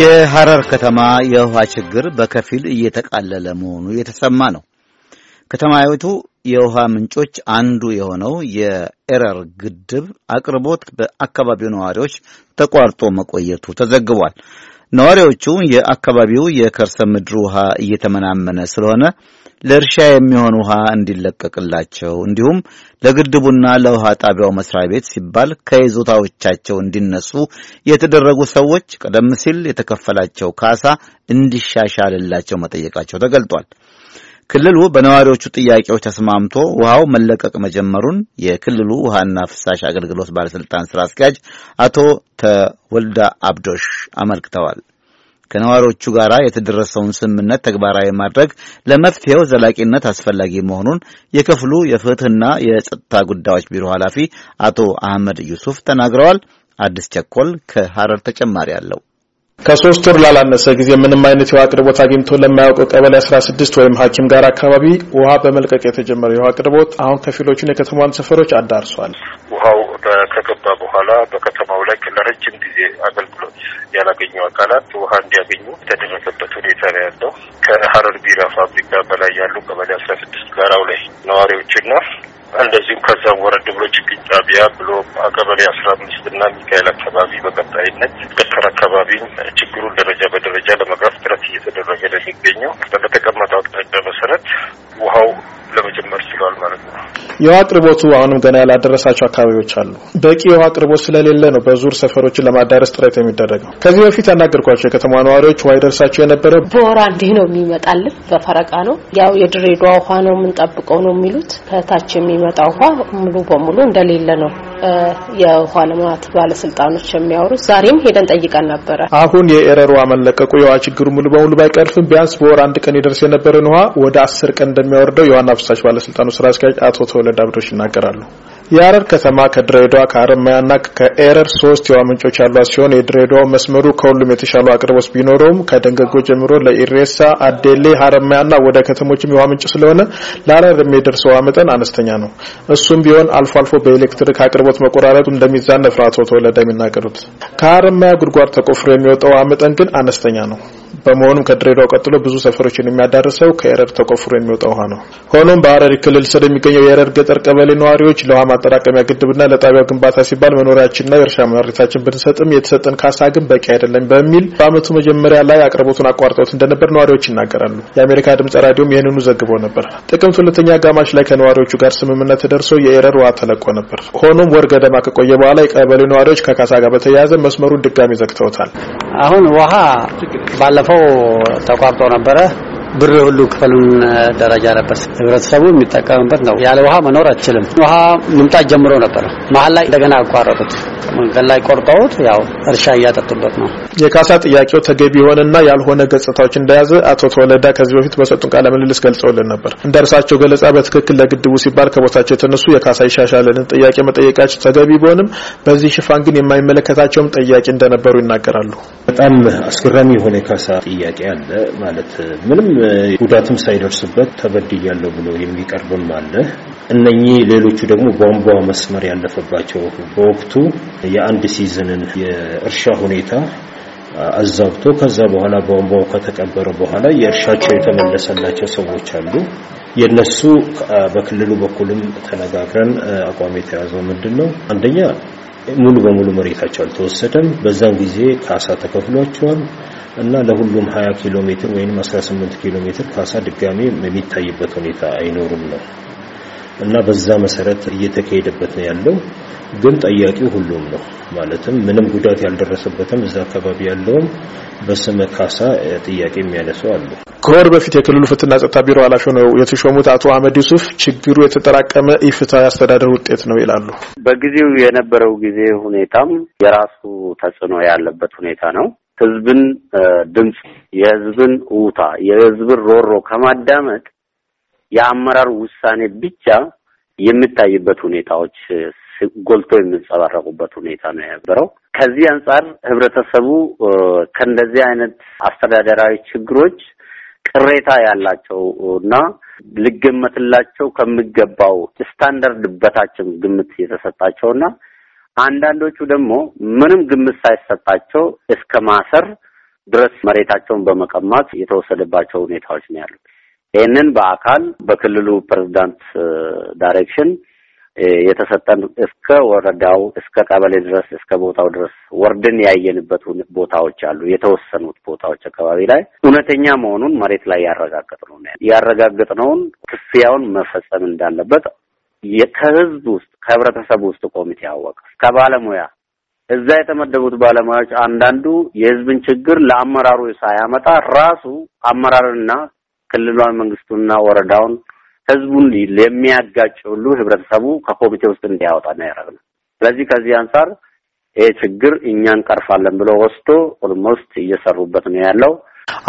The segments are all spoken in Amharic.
የሐረር ከተማ የውሃ ችግር በከፊል እየተቃለለ መሆኑ የተሰማ ነው። ከተማይቱ የውሃ ምንጮች አንዱ የሆነው የኤረር ግድብ አቅርቦት በአካባቢው ነዋሪዎች ተቋርጦ መቆየቱ ተዘግቧል። ነዋሪዎቹ የአካባቢው የከርሰ ምድር ውሃ እየተመናመነ ስለሆነ ለእርሻ የሚሆን ውሃ እንዲለቀቅላቸው እንዲሁም ለግድቡና ለውሃ ጣቢያው መስሪያ ቤት ሲባል ከይዞታዎቻቸው እንዲነሱ የተደረጉ ሰዎች ቀደም ሲል የተከፈላቸው ካሳ እንዲሻሻልላቸው መጠየቃቸው ተገልጧል። ክልሉ በነዋሪዎቹ ጥያቄዎች ተስማምቶ ውሃው መለቀቅ መጀመሩን የክልሉ ውሃና ፍሳሽ አገልግሎት ባለስልጣን ስራ አስኪያጅ አቶ ተወልዳ አብዶሽ አመልክተዋል። ከነዋሪዎቹ ጋር የተደረሰውን ስምምነት ተግባራዊ ማድረግ ለመፍትሄው ዘላቂነት አስፈላጊ መሆኑን የክፍሉ የፍትህና የጸጥታ ጉዳዮች ቢሮ ኃላፊ አቶ አህመድ ዩሱፍ ተናግረዋል። አዲስ ቸኮል ከሐረር ተጨማሪ አለው። ከሶስት ወር ላላነሰ ጊዜ ምንም አይነት የውሃ አቅርቦት አግኝቶ ለማያውቀው ቀበሌ 16 ወይም ሐኪም ጋር አካባቢ ውሃ በመልቀቅ የተጀመረው የውሃ አቅርቦት አሁን ከፊሎቹን የከተማን ሰፈሮች አዳርሷል። ውሃው ከገባ በኋላ በከተማው ላይ ለረጅም ጊዜ አገልግሎት ያላገኙ አካላት ውሃ እንዲያገኙ የተደረገበት ሁኔታ ነው ያለው። ከሀረር ቢራ ፋብሪካ በላይ ያሉ ቀበሌ አስራ ስድስት ጋራው ላይ ነዋሪዎችና እንደዚሁም ከዛም ወረድ ብሎ ችግኝ ጣቢያ ብሎ ቀበሌ አስራ አምስት እና ሚካኤል አካባቢ በቀጣይነት ገጠር አካባቢም ችግሩን ደረጃ በደረጃ ለመቅረፍ ጥረት እየተደረገ ነው የሚገኘው። የውሃ አቅርቦቱ አሁንም ገና ያላደረሳቸው አካባቢዎች አሉ። በቂ የውሃ አቅርቦት ስለሌለ ነው በዙር ሰፈሮችን ለማዳረስ ጥረት የሚደረገው። ከዚህ በፊት ያናገርኳቸው የከተማ ነዋሪዎች ውሃ ይደርሳቸው የነበረ በወር አንዴ ነው የሚመጣልን፣ በፈረቃ ነው። ያው የድሬዳዋ ውሃ ነው የምንጠብቀው ነው የሚሉት። ከታች የሚመጣ ውሃ ሙሉ በሙሉ እንደሌለ ነው የውሃ ልማት ባለስልጣኖች የሚያወሩት። ዛሬም ሄደን ጠይቀን ነበረ። አሁን የኤረር ውሃ መለቀቁ የውሃ ችግሩ ሙሉ በሙሉ ባይቀርፍም ቢያንስ በወር አንድ ቀን ይደርስ የነበረን ውሃ ወደ አስር ቀን እንደሚያወርደው የዋና ፍሳሽ ባለስልጣኑ ስራ አስኪያጅ አቶ ተወለ ወለድ አብዶች ይናገራሉ። የሐረር ከተማ ከድሬዳዋ ከአረማያና ከኤረር ሶስት የውሃ ምንጮች ያሏት ሲሆን የድሬዳዋ መስመሩ ከሁሉም የተሻለ አቅርቦት ቢኖረውም ከደንገጎ ጀምሮ ለኢሬሳ፣ አዴሌ፣ ሀረማያና ወደ ከተሞችም የውሃ ምንጭ ስለሆነ ለሐረር የሚደርሰው ውሃ መጠን አነስተኛ ነው። እሱም ቢሆን አልፎ አልፎ በኤሌክትሪክ አቅርቦት መቆራረጡ እንደሚዛነፍ አቶ ተወለደ የሚናገሩት ከአረማያ ጉድጓድ ተቆፍሮ የሚወጣው ውሃ መጠን ግን አነስተኛ ነው። በመሆኑም ከድሬዳዋ ቀጥሎ ብዙ ሰፈሮችን የሚያዳርሰው ከኤረር ተቆፍሮ የሚወጣ ውሃ ነው። ሆኖም በአረሪ ክልል ስር የሚገኘው የኤረር ገጠር ቀበሌ ነዋሪዎች ለውሃ ማጠራቀሚያ ግድብና ለጣቢያው ግንባታ ሲባል መኖሪያችንና የእርሻ መሬታችን ብንሰጥም የተሰጠን ካሳ ግን በቂ አይደለም በሚል በዓመቱ መጀመሪያ ላይ አቅርቦቱን አቋርጠውት እንደነበር ነዋሪዎች ይናገራሉ። የአሜሪካ ድምጽ ራዲዮም ይህንኑ ዘግቦ ነበር። ጥቅምት ሁለተኛ አጋማሽ ላይ ከነዋሪዎቹ ጋር ስምምነት ተደርሶ የኤረር ውሃ ተለቆ ነበር። ሆኖም ወር ገደማ ከቆየ በኋላ የቀበሌ ነዋሪዎች ከካሳ ጋር በተያያዘ መስመሩን ድጋሚ ዘግተውታል። አሁን ውሃ ባለፈው ተቋርጦ ነበረ። ብር ሁሉ ክፍሉን ደረጃ ነበር። ህብረተሰቡ የሚጠቀምበት ነው። ያለ ውሃ መኖር አችልም። ውሃ መምጣት ጀምሮ ነበረ፣ መሀል ላይ እንደገና አቋረጡት። መንገድ ላይ ቆርጠውት ያው እርሻ እያጠጡበት ነው። የካሳ ጥያቄው ተገቢ የሆነና ያልሆነ ገጽታዎች እንደያዘ አቶ ተወለዳ ከዚህ በፊት በሰጡን ቃለ ምልልስ ገልጸውልን ነበር። እንደ እርሳቸው ገለጻ በትክክል ለግድቡ ሲባል ከቦታቸው የተነሱ የካሳ ይሻሻለንን ጥያቄ መጠየቃቸው ተገቢ ቢሆንም በዚህ ሽፋን ግን የማይመለከታቸውም ጥያቄ እንደነበሩ ይናገራሉ። በጣም አስገራሚ የሆነ የካሳ ጥያቄ አለ። ማለት ምንም ጉዳትም ሳይደርስበት ተበድያለሁ ብሎ የሚቀርብም አለ። እነኚህ ሌሎቹ ደግሞ ቧንቧ መስመር ያለፈባቸው በወቅቱ የአንድ ሲዝንን የእርሻ ሁኔታ አዛብቶ ከዛ በኋላ በወንባው ከተቀበረ በኋላ የእርሻቸው የተመለሰላቸው ሰዎች አሉ። የነሱ በክልሉ በኩልም ተነጋግረን አቋም የተያዘው ምንድን ነው? አንደኛ ሙሉ በሙሉ መሬታቸው አልተወሰደም። በዛን ጊዜ ካሳ ተከፍሏቸዋል እና ለሁሉም 20 ኪሎ ሜትር ወይም 18 ኪሎ ሜትር ካሳ ድጋሚ የሚታይበት ሁኔታ አይኖርም ነው እና በዛ መሰረት እየተካሄደበት ነው ያለው። ግን ጠያቂው ሁሉም ነው ማለትም ምንም ጉዳት ያልደረሰበትም እዛ አካባቢ ያለውም በስመ ካሳ ጥያቄ የሚያነሱ አሉ። ከወር በፊት የክልሉ ፍትህና ጸጥታ ቢሮ ኃላፊ ነው የተሾሙት አቶ አህመድ ዩሱፍ ችግሩ የተጠራቀመ ኢፍትሐዊ አስተዳደር ውጤት ነው ይላሉ። በጊዜው የነበረው ጊዜ ሁኔታም የራሱ ተጽዕኖ ያለበት ሁኔታ ነው። ህዝብን ድምፅ፣ የህዝብን ውታ፣ የህዝብን ሮሮ ከማዳመጥ የአመራር ውሳኔ ብቻ የሚታይበት ሁኔታዎች ጎልቶ የሚንጸባረቁበት ሁኔታ ነው የነበረው። ከዚህ አንጻር ህብረተሰቡ ከእንደዚህ አይነት አስተዳደራዊ ችግሮች ቅሬታ ያላቸው እና ሊገመትላቸው ከሚገባው ስታንዳርድ በታችም ግምት የተሰጣቸው እና አንዳንዶቹ ደግሞ ምንም ግምት ሳይሰጣቸው እስከ ማሰር ድረስ መሬታቸውን በመቀማት የተወሰደባቸው ሁኔታዎች ነው ያሉት። ይህንን በአካል በክልሉ ፕሬዚዳንት ዳይሬክሽን የተሰጠን እስከ ወረዳው እስከ ቀበሌ ድረስ እስከ ቦታው ድረስ ወርድን ያየንበት ቦታዎች አሉ። የተወሰኑት ቦታዎች አካባቢ ላይ እውነተኛ መሆኑን መሬት ላይ ያረጋገጥነው ያረጋገጥነውን ክፍያውን መፈጸም እንዳለበት ከህዝብ ውስጥ ከህብረተሰብ ውስጥ ኮሚቴ አወቀ ከባለሙያ እዛ የተመደቡት ባለሙያዎች አንዳንዱ የህዝብን ችግር ለአመራሩ ሳያመጣ ራሱ አመራርና ክልሏን፣ መንግስቱና ወረዳውን፣ ህዝቡን የሚያጋጭ ሁሉ ህብረተሰቡ ከኮሚቴ ውስጥ እንዲያወጣ ነው ያደረግነው። ስለዚህ ከዚህ አንጻር ይሄ ችግር እኛን ቀርፋለን ብሎ ወስዶ ኦልሞስት እየሰሩበት ነው ያለው።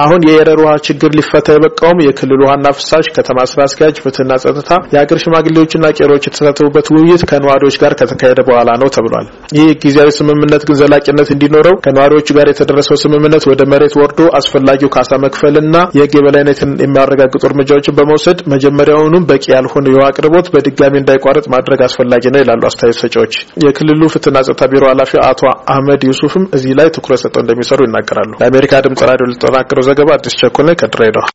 አሁን የየረር ውሃ ችግር ሊፈታ የበቃውም የክልል ውሃና ፍሳሽ ከተማ ስራ አስኪያጅ፣ ፍትህና ጸጥታ፣ የአገር ሽማግሌዎችና ቄሮዎች የተሳተፉበት ውይይት ከነዋሪዎች ጋር ከተካሄደ በኋላ ነው ተብሏል። ይህ ጊዜያዊ ስምምነት ግን ዘላቂነት እንዲኖረው ከነዋሪዎቹ ጋር የተደረሰው ስምምነት ወደ መሬት ወርዶ አስፈላጊው ካሳ መክፈልና የህግ የበላይነትን የሚያረጋግጡ እርምጃዎችን በመውሰድ መጀመሪያውኑም በቂ ያልሆነ የውሃ አቅርቦት በድጋሚ እንዳይቋረጥ ማድረግ አስፈላጊ ነው ይላሉ አስተያየት ሰጪዎች። የክልሉ ፍትህና ጸጥታ ቢሮ ኃላፊ አቶ አህመድ ዩሱፍም እዚህ ላይ ትኩረት ሰጥተው እንደሚሰሩ ይናገራሉ። ለአሜሪካ ድምጽ ራዲዮ ለተጠናቀረው ዘገባ አዲስ ቸኮላይ ከድሬዳዋ